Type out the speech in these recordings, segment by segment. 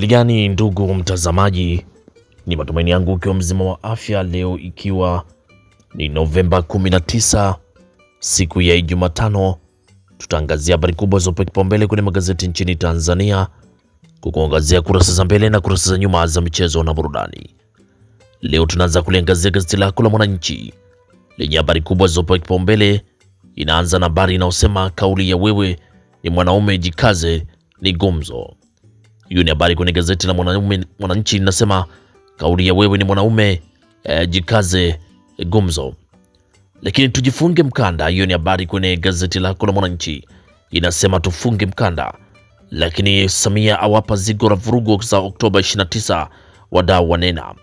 gani ndugu mtazamaji, ni matumaini yangu ukiwa mzima wa afya leo, ikiwa ni Novemba 19 siku ya Jumatano, tutaangazia habari kubwa zopewa kipaumbele kwenye magazeti nchini Tanzania, kukuangazia kurasa za mbele na kurasa za nyuma za michezo na burudani. Leo tunaanza kuliangazia gazeti lako la Mwananchi lenye habari kubwa zopewa kipaumbele. Inaanza na habari inayosema kauli ya wewe ni mwanaume jikaze ni gumzo hiyo ni habari kwenye gazeti la Mwananchi linasema kauli ya wewe ni mwanaume eh, jikaze eh, gumzo, lakini tujifunge mkanda. Hiyo ni habari kwenye gazeti lako la Mwananchi inasema tufunge mkanda, lakini Samia awapa zigo la vurugu za Oktoba 29 wadau wanena,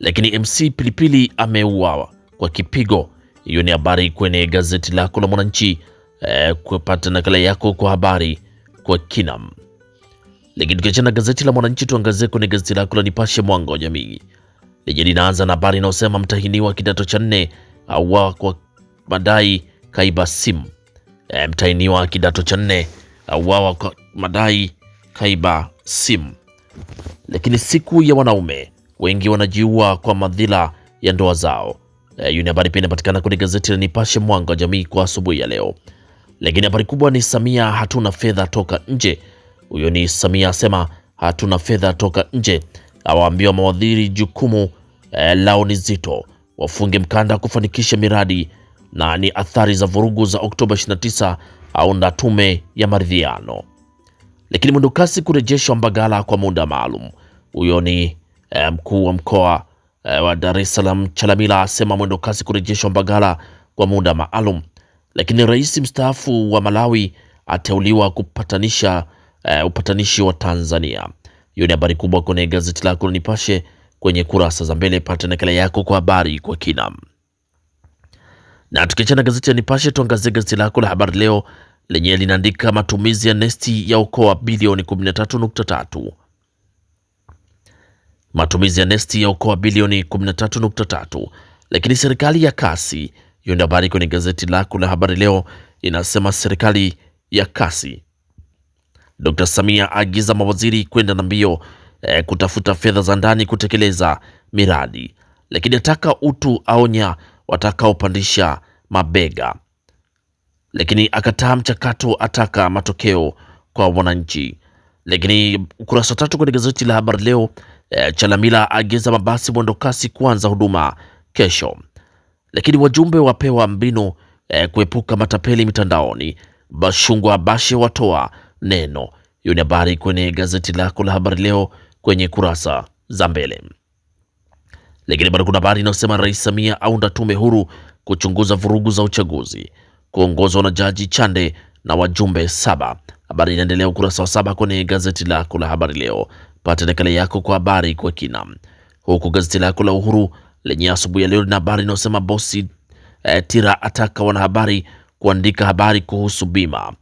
lakini MC Pilipili ameuawa kwa kipigo. Hiyo ni habari kwenye gazeti lako la Mwananchi eh, kupata nakala yako kwa habari kwa kinam lakini tukiachana gazeti la Mwananchi, tuangazie kwenye gazeti lako la Nipashe mwanga wa jamii lenye linaanza na habari inayosema mtahiniwa kidato cha nne auawa kwa madai kaiba simu. E, mtahiniwa kidato cha nne auawa kwa madai kaiba simu. Lakini siku ya wanaume wengi wanajiua kwa madhila ya ndoa zao. E, hiyo ni habari pia inapatikana kwenye gazeti la Nipashe mwanga wa jamii kwa asubuhi ya leo. Lakini habari kubwa ni Samia hatuna fedha toka nje huyo ni Samia asema hatuna fedha toka nje, awaambiwa mawadhiri jukumu eh, lao ni zito, wafunge mkanda kufanikisha miradi na ni athari za vurugu za Oktoba 29 na tume ya maridhiano. Lakini mwendokasi kurejeshwa Mbagala kwa muda maalum. Huyo ni eh, mkuu wa mkoa eh, wa Dar es Salaam Chalamila asema mwendokasi kurejeshwa Mbagala kwa muda maalum. Lakini rais mstaafu wa Malawi ateuliwa kupatanisha uh, upatanishi wa Tanzania. Hiyo ni habari kubwa kwenye gazeti lako Nipashe kwenye kurasa za mbele, pata nakala yako kwa habari kwa kina. Na tukiachana gazeti ya Nipashe, tuangazie gazeti lako la Habari Leo lenye linaandika matumizi ya nesti ya okoa bilioni 13.3, matumizi ya nesti ya okoa bilioni 13.3, lakini serikali ya kasi. Hiyo ndio habari kwenye gazeti lako la Habari Leo inasema serikali ya kasi Dr. Samia aagiza mawaziri kwenda na mbio eh, kutafuta fedha za ndani kutekeleza miradi, lakini ataka utu, aonya watakaopandisha mabega, lakini akataa mchakato, ataka matokeo kwa wananchi. Lakini ukurasa tatu kwenye gazeti la habari leo eh, Chalamila aagiza mabasi mwendokasi kuanza huduma kesho, lakini wajumbe wapewa mbinu eh, kuepuka matapeli mitandaoni. Bashungwa Bashe watoa neno. Hiyo ni habari kwenye gazeti lako la habari leo kwenye kurasa za mbele. Lakini bado kuna habari inayosema Rais Samia aunda tume huru kuchunguza vurugu za uchaguzi kuongozwa na Jaji Chande na wajumbe saba. Habari inaendelea ukurasa wa saba kwenye gazeti lako la habari leo. Pata nakala yako kwa habari kwa kina, huku gazeti lako la Uhuru lenye asubuhi ya leo lina habari inayosema bosi eh, Tira ataka wanahabari kuandika habari kuhusu bima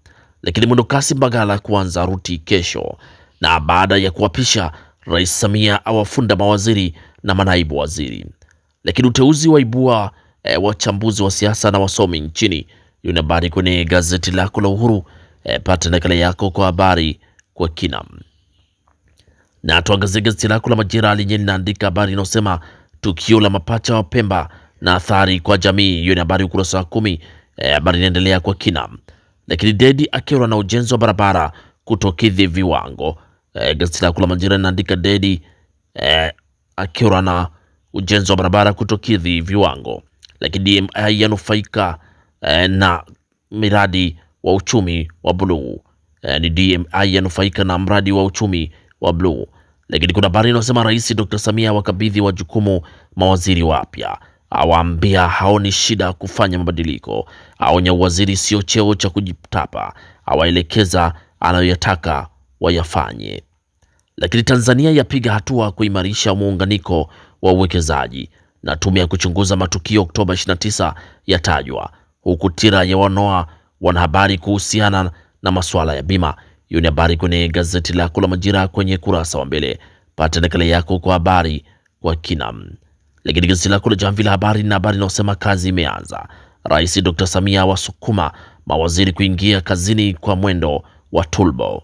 lakini mwendokasi Mbagala kuanza ruti kesho. Na baada ya kuapisha, Rais Samia awafunda mawaziri na manaibu waziri. Lakini uteuzi waibua e, wachambuzi wa siasa na wasomi nchini. Hiyo ni habari kwenye gazeti lako la Uhuru. E, pata nakala yako kwa habari kwa kina. Na tuangazie gazeti lako la Majira lenye linaandika habari inayosema tukio la mapacha wa Pemba na athari kwa jamii. Hiyo ni habari ukurasa wa kumi. Eh, habari e, inaendelea kwa kina lakini Dedi akerwa na ujenzi wa barabara kutokidhi viwango. E, gazeti la kula Majira linaandika Dedi e, eh, akerwa na ujenzi wa barabara kutokidhi viwango, lakini DMI yanufaika e, na miradi wa uchumi wa bluu. E, ni DMI yanufaika na mradi wa uchumi wa bluu, lakini kuna habari inayosema Rais Dr. Samia wakabidhi wa jukumu mawaziri wapya awaambia haoni shida kufanya mabadiliko. Aonya waziri sio cheo cha kujitapa, awaelekeza anayoyataka wayafanye. Lakini Tanzania yapiga hatua kuimarisha muunganiko wa uwekezaji na tume ya kuchunguza matukio Oktoba 29 yatajwa, huku TIRA ya wanoa wanahabari kuhusiana na masuala ya bima. Hiyo ni habari kwenye gazeti lako la Majira kwenye kurasa wa mbele. Pata nakala yako kwa habari kwa kinam lakini gazeti lako la Jamvi la Habari na habari inayosema kazi imeanza. Rais Dr. Samia wasukuma mawaziri kuingia kazini kwa mwendo wa tulbo.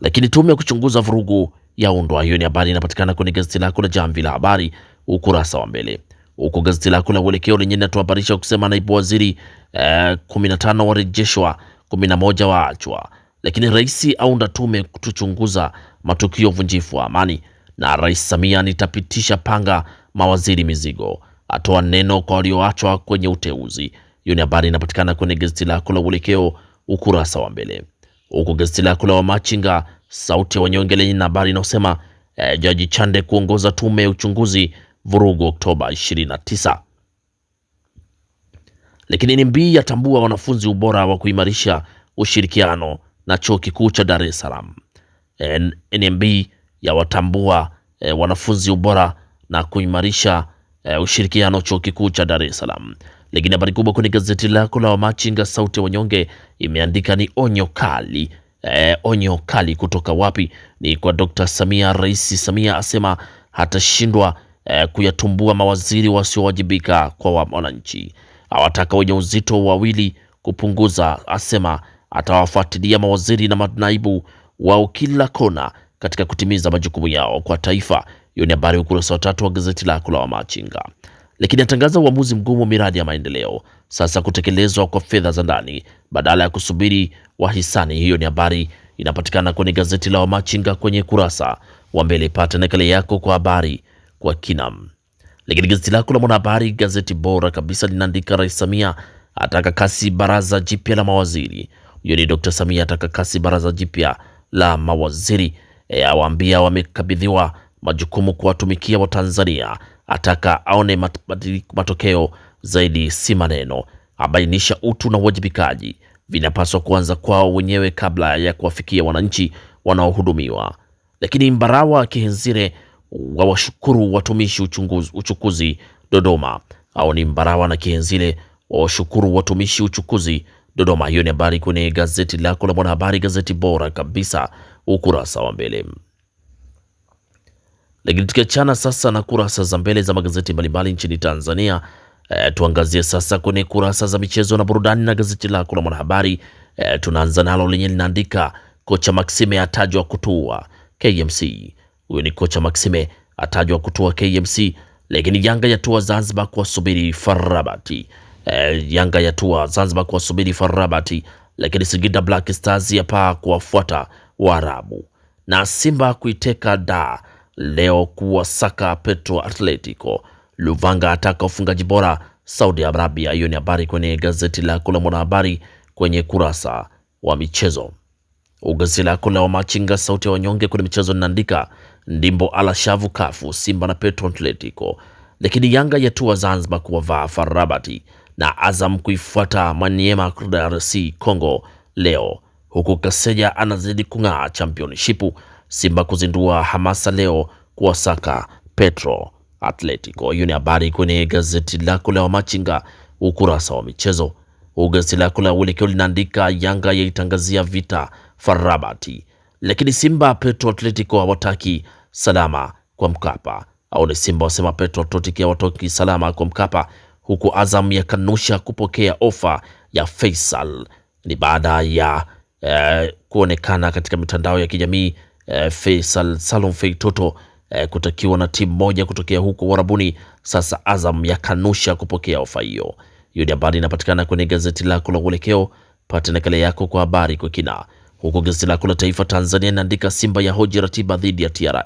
Lakini tume ya kuchunguza vurugu undwa, Hiyo ni habari inapatikana kwenye gazeti lako la Jamvi la Habari ukurasa wa mbele, huku gazeti lako la Uelekeo lenye linatuhabarisha kusema naibu waziri eh, 15 warejeshwa 11 waachwa. Lakini rais aunda tume kutuchunguza matukio vunjifu wa amani na Rais Samia nitapitisha panga mawaziri mizigo, atoa neno kwa walioachwa kwenye uteuzi. Hiyo ni habari inapatikana kwenye gazeti lako la Uelekeo ukurasa wa mbele, huku gazeti lako la Wamachinga sauti ya wanyonge lenye na habari inayosema eh, Jaji Chande kuongoza tume ya uchunguzi vurugu Oktoba 29. Lakini NMB yatambua wanafunzi ubora wa kuimarisha ushirikiano na chuo kikuu cha Dar es Salaam. NMB ya watambua e, eh, wanafunzi ubora na kuimarisha e, ushirikiano chuo kikuu cha Dar es Salaam. Lakini habari kubwa kwenye gazeti lako la Wamachinga sauti ya wanyonge imeandika ni onyo kali e, onyo kali kutoka wapi? Ni kwa Dr. Samia. Rais Samia asema hatashindwa e, kuyatumbua mawaziri wasiowajibika kwa wananchi. Awataka wenye uzito wawili kupunguza, asema atawafuatilia mawaziri na manaibu wao kila kona katika kutimiza majukumu yao kwa taifa. Hiyo ni habari ukurasa wa tatu wa gazeti lako la Wamachinga. Lakini atangaza uamuzi mgumu miradi ya maendeleo sasa kutekelezwa kwa fedha za ndani badala ya kusubiri wahisani. Hiyo ni habari inapatikana kwenye gazeti la Wamachinga kwenye kurasa wa mbele. Pata nakala yako kwa habari kwa kinam. Lakini gazeti lako la Mwanahabari, gazeti bora kabisa, linaandika Rais Samia ataka kasi baraza jipya la mawaziri. Huyo ni Dr. Samia ataka kasi baraza jipya la mawaziri. E, awaambia wamekabidhiwa majukumu kuwatumikia Watanzania, ataka aone mat, matokeo zaidi si maneno, abainisha utu na uwajibikaji vinapaswa kuanza kwao wenyewe kabla ya kuwafikia wananchi wanaohudumiwa. Lakini Mbarawa Kihenzire wawashukuru watumishi uchunguzi, uchukuzi Dodoma au ni Mbarawa na Kihenzire wawashukuru watumishi uchukuzi Dodoma. Hiyo ni habari kwenye gazeti lako la Mwanahabari, gazeti bora kabisa ukurasa wa mbele. Lakini tukiachana sasa na kurasa za mbele za magazeti mbalimbali nchini Tanzania, e, tuangazie sasa kwenye kurasa za michezo na burudani na gazeti lako la Mwanahabari. E, tunaanza nalo lenye linaandika kocha Maxime atajwa kutua KMC. Huyo ni kocha Maxime atajwa kutua KMC. Lakini Yanga yatua Zanzibar kuwasubiri Farabati. E, Yanga yatua Zanzibar kuwasubiri Farabati. Lakini Singida Black Stars yapaa kuwafuata Waarabu na Simba kuiteka da leo kuwasaka Petro Atletico. Luvanga ataka ufungaji bora Saudi Arabia. Hiyo ni habari kwenye gazeti lako la Mwanahabari kwenye kurasa wa michezo. Gazeti lako la Wamachinga, sauti ya wanyonge, kwenye michezo linaandika ndimbo ala shavu kafu Simba na Petro Atletico, lakini Yanga yatua Zanzibar kuwavaa Farabati na Azam kuifuata Maniema DRC Congo leo huku Kaseja anazidi kung'aa championship. Simba kuzindua hamasa leo kuwasaka Petro Atletico. Hiyo ni habari kwenye gazeti lako la Wamachinga ukurasa wa michezo. Gazeti lako la Uelekeo linaandika Yanga yaitangazia vita Farabati, lakini Simba Petro Atletico hawataki salama kwa Mkapa. Au ni Simba wasema Petro Atletico hawataki salama kwa Mkapa, huku Azam yakanusha kupokea ofa ya Faisal. Ni baada ya eh, kuonekana katika mitandao ya kijamii eh, Faisal Salum Fei Toto eh, kutakiwa na timu moja kutokea huko Warabuni. Sasa Azam yakanusha kupokea ofa hiyo. Hiyo ni habari inapatikana kwenye gazeti lako la Uelekeo. Pata nakala yako kwa habari kwa kina. Huko gazeti lako la Taifa Tanzania inaandika Simba ya hoji ratiba dhidi ya TRA,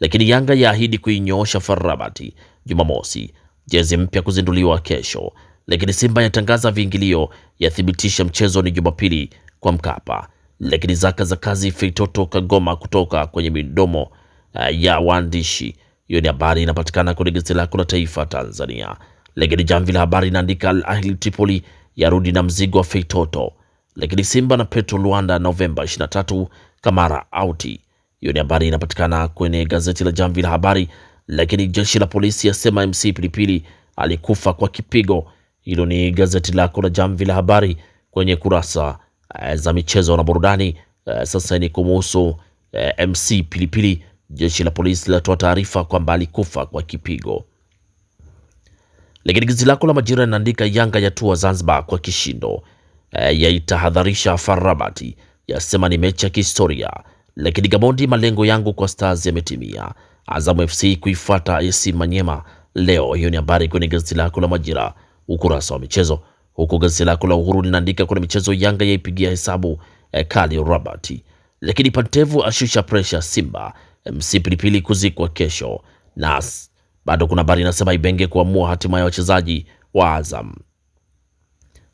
lakini Yanga yaahidi kuinyoosha Farabati Jumamosi, jezi mpya kuzinduliwa kesho. Lakini Simba yatangaza viingilio, yathibitisha mchezo ni Jumapili kwa Mkapa, lakini zaka za kazi Feitoto kagoma kutoka kwenye midomo eh, ya waandishi. Hiyo ni habari inapatikana kwenye gazeti lako la Taifa Tanzania, lakini jamvi la habari inaandika Al Ahli Tripoli yarudi na mzigo wa Feitoto, lakini Simba na Petro Luanda Novemba 23 Kamara auti. Hiyo ni habari inapatikana kwenye gazeti la Jamvi la Habari, lakini jeshi la polisi yasema MC Pilipili alikufa kwa kipigo. Hilo ni gazeti lako la Jamvi la Habari kwenye kurasa Eh, za michezo na burudani. Eh, sasa ni kumuhusu eh, MC Pilipili. Jeshi la polisi linatoa taarifa kwamba alikufa kwa kipigo. Lakini gazeti lako la Majira linaandika Yanga yatua Zanzibar kwa kishindo, yaitahadharisha Farabati, yasema ni mechi ya kihistoria. Lakini Gabondi, malengo yangu kwa Stars yametimia. Azamu FC kuifuata AS Manyema leo. Hiyo ni habari kwenye gazeti lako la Majira ukurasa wa michezo huku gazeti lako la Uhuru linaandika kuna michezo, Yanga yaipigia hesabu eh, kali Robert, lakini Pantevu ashusha presha Simba, MC eh, Pilipili kuzikwa kesho, na bado kuna habari inasema Ibenge kuamua hatima ya wachezaji wa Azam,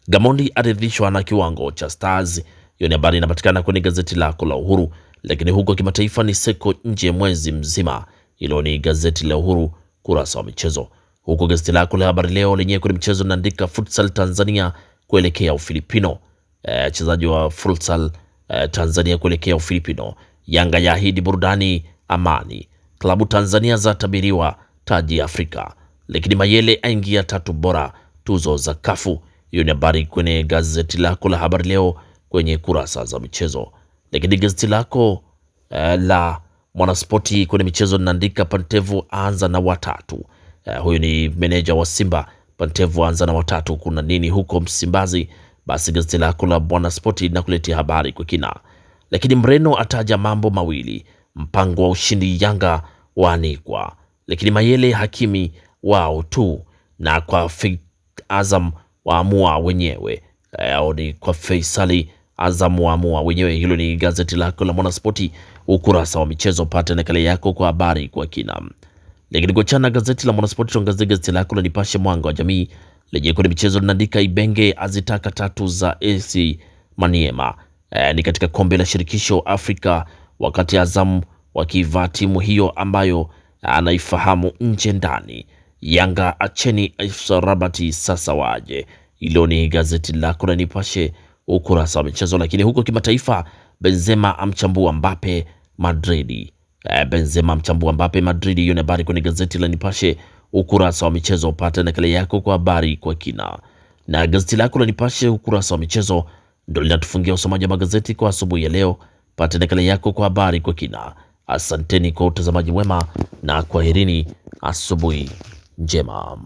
Gamondi aridhishwa na kiwango cha Stars. Hiyo ni habari inapatikana kwenye gazeti lako la Uhuru, lakini huko kimataifa ni seko nje mwezi mzima. Hilo ni gazeti la Uhuru kurasa wa michezo huku gazeti lako la habari leo lenye kwenye mchezo linaandika futsal Tanzania kuelekea Ufilipino. E, wachezaji e, wa futsal e, Tanzania kuelekea Ufilipino. Yanga yaahidi burudani amani. Klabu Tanzania zatabiriwa taji Afrika. Lakini Mayele aingia tatu bora tuzo za Kafu. Hiyo ni habari kwenye gazeti lako la habari leo kwenye kurasa za michezo. Lakini gazeti lako e, la Mwanaspoti kwenye michezo linaandika Pantevu anza na watatu Uh, huyu ni meneja wa Simba Pantevu anza na watatu. Kuna nini huko Msimbazi? Basi gazeti lako la Bwana Spoti linakuletea habari kwa kina, lakini Mreno ataja mambo mawili, mpango wa ushindi Yanga waanikwa, lakini Mayele Hakimi wao tu na kwa Azam waamua wenyewe eh, au ni kwa Faisali Azam waamua wenyewe. Hilo ni gazeti lako la Mwanaspoti ukurasa wa michezo, pata nakala yako kwa habari kwa kina. Lakini kuachana gazeti la Mwanaspoti, tuangazie gazeti lako la Nipashe Mwanga wa Jamii lenye kwenye michezo linaandika Ibenge azitaka tatu za AC Maniema. E, ni katika kombe la shirikisho Afrika, wakati Azam wakivaa timu hiyo ambayo anaifahamu nje ndani. Yanga acheni Rabati sasa waje. Hilo ni gazeti lako la Nipashe ukurasa wa michezo. Lakini huko kimataifa, Benzema amchambua Mbappe Madridi. Eh, Benzema mchambua Mbappe Madrid. Hiyo ni habari kwenye gazeti la Nipashe ukurasa wa michezo, upate nakala yako kwa habari kwa kina, na gazeti lako la Nipashe ukurasa wa michezo ndio linatufungia usomaji wa magazeti kwa asubuhi ya leo. Pate nakala yako kwa habari kwa kina. Asanteni kwa utazamaji mwema na kwaherini, asubuhi njema.